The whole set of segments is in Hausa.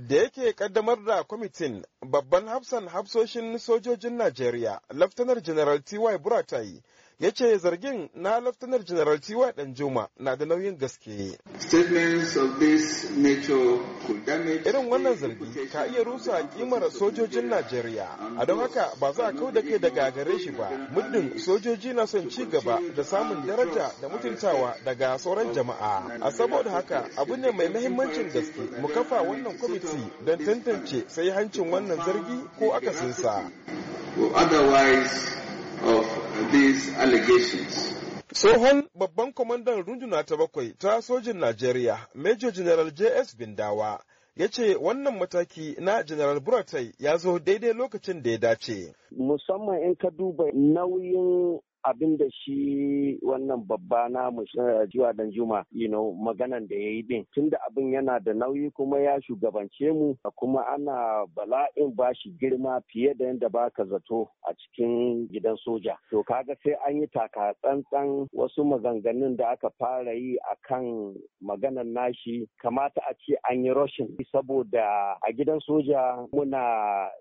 da yake kaddamar da kwamitin babban hafsan hafsoshin sojojin najeriya laftanar general ty buratai ya ce zargin na laftanar general tiwa danjuma na da nauyin gaske irin wannan zargi ka iya rusa kimar sojojin najeriya a don haka ba za a kau da kai daga gare shi ba muddin sojoji na son ci gaba da samun daraja da mutuntawa daga sauran jama'a a saboda haka abu ne mai mahimmancin gaske mu kafa wannan kwamiti don tantance sai hancin wannan zargi ko akasinsa otherwise these allegations. Tsohon babban kwamandan runduna ta bakwai ta sojin Najeriya, Major General J.S. Bindawa, ya ce wannan mataki na General Buratai ya zo daidai lokacin da ya dace. Musamman in ka duba nauyin abin da shi wannan babba na eh, jiwa dan juma you know maganan da yayi din tunda abin yana da nauyi kuma ya shugabance mu kuma ana bala'in bashi girma fiye da yadda ba ka zato a cikin gidan soja to kaga sai an yi taka tsantsan wasu maganganun da aka fara yi a kan maganan nashi kamata a ce an yi rashin saboda a gidan soja muna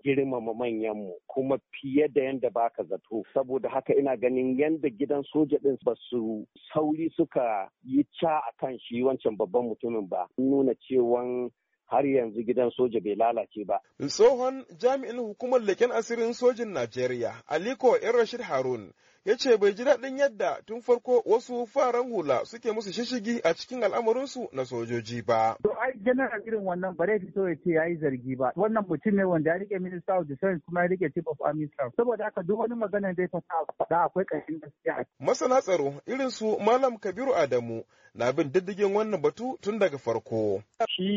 girmama manyanmu kuma fiye da yadda ba ka zato saboda haka ina ganin yadda gidan soja ɗin ba su sauri suka yi ca a kan shi wancan babban mutumin ba nuna cewan har yanzu gidan soja bai lalace ba. Tsohon jami'in hukumar leken asirin sojin Najeriya, Aliko ‘yan Rashid Harun, ya ce bai ji daɗin yadda tun farko wasu faran hula suke musu shishigi a cikin al'amarinsu na sojoji ba. general irin wannan ba zai fito ya ce ya yi zargi ba wannan mutum ne wanda ya rike minister of defense kuma ya rike chief of army staff saboda haka duk wani magana da ya faɗa akwai ƙarshen gaskiya. masana tsaro irin su malam kabiru adamu na bin diddigin wannan batu tun daga farko. shi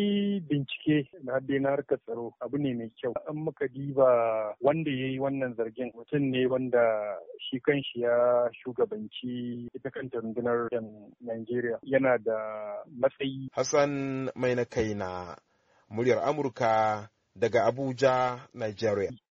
bincike na na harkar tsaro abu ne mai kyau an muka diba wanda ya yi wannan zargin mutum ne wanda shi kanshi ya shugabanci ita kanta rundunar Najeriya yana da matsayi. Hassan mai na kaina muryar amurka daga abuja nigeria